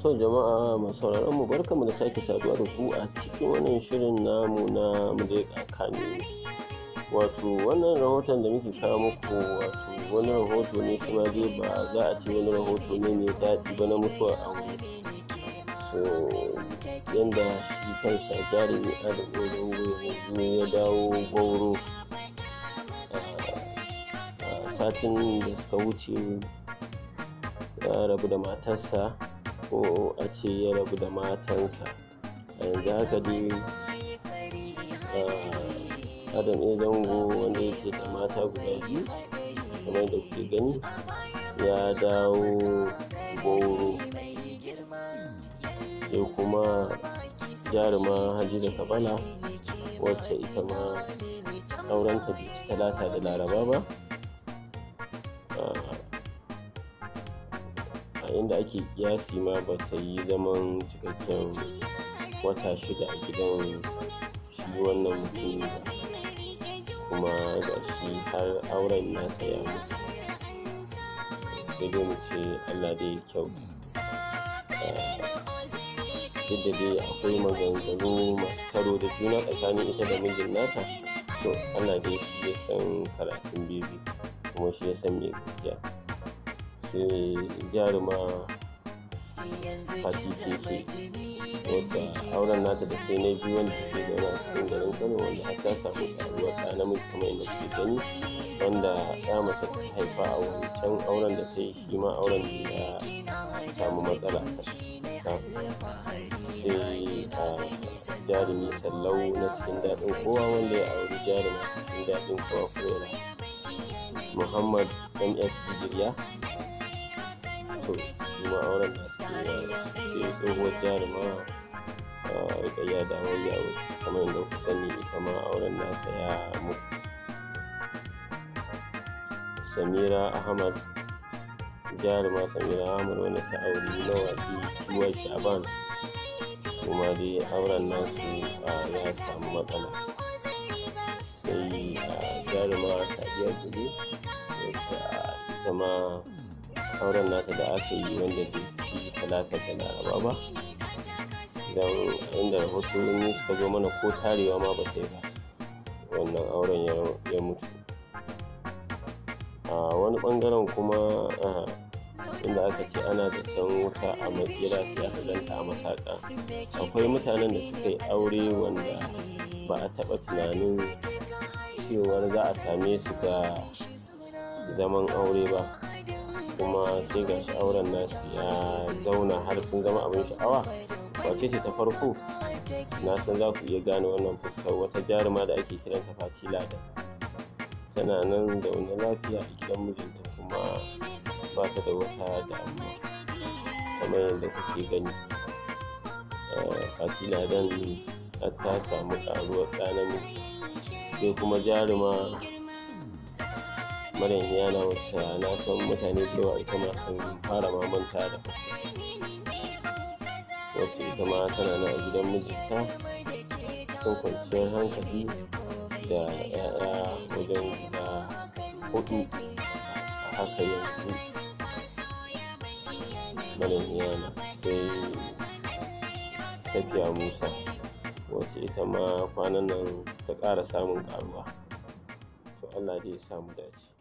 To jama'a masu sauraron mu barkamu da sake saduwa da ku a cikin wannan shirin namu na Muleka Kano. Wato wannan rahoton da muke kawo muku wato wani rahoto ne kuma dai ba za a ce wani rahoto ne mai daɗi ba na mutuwar aure. So yanda shi kansa jarumi Adam Odogo yanzu ya dawo Bauro satin da suka wuce ya rabu da matarsa ko a ce ya rabu da matansa a yanzu haka dai adam ya zango wanda yake da mata guda biyu kamar da kuke gani ya dawo goro sai kuma jaruma haji da kabala wacce ita ma aurenta bai talata da laraba ba inda ake kiyasi ma ba ta yi zaman cikakken wata shida a gidan shi wannan mutum ba kuma ga shi har auren na ya mutu sai mu ce allah ya kyau eh, duk da dai akwai maganganu masu karo da juna tsakanin ita da mijin nata to allah shi ya san karatun bibi kuma shi ya san mai gaskiya Eh, jaruma fati keke wata auren nata da sai na biyu wanda take zaune a cikin garin kano wanda har ta samu karuwa ta namiji kamar yadda kuke gani wanda ya mace ta haifa a wancan auren da ta yi shi ma auren da ya samu matsala a sai a ah, jarumi sallau na cikin daɗin kowa wanda ya auri jaruma cikin daɗin kowa kuma muhammad ms bijiriya kawai kuma auren na su ke tsohuwar jaruma rika ya damar yawo kamar yadda ku sani kama auren ah, nasa ya mutu samira ahmad jaruma samira ahmad wanda ta auri shaban kuma dai auren nasu ya samu matsala sai jaruma sadiya kudu ita ma auren nata da aka yi wanda da ke talata da laraba ba don inda rahotanni suka zo mana ko tarewa ma ba ta yi ba wannan auren ya mutu a wani bangaren kuma inda aka ce ana da can wuta a makera sai aka a masaka akwai mutanen da suka yi aure wanda ba a taɓa tunanin cewar za a same su ga zaman aure ba kuma sai ga shawarar auren nasu ya zauna har sun zama abin sha'awa wace ce ta farko na san za ku iya gane wannan fuskar wata jaruma da ake kiran ta fatila da tana nan da wani lafiya a gidan mijinta kuma ba ta da wata damuwa kamar yadda kuke gani eh, fatila dan ta samu karuwar tsananin sai kuma jaruma maryam yana wacce na san mutane cewa ita ma sun fara mamanta da wacce ita ma tana na a gidan mijinta sun kwanciyar hankali da ya'ya wajen gida hudu a haka yanzu maryam yana sai tafiya musa wacce ita ma kwanan nan ta ƙara samun ƙaruwa to allah dai ya samu dace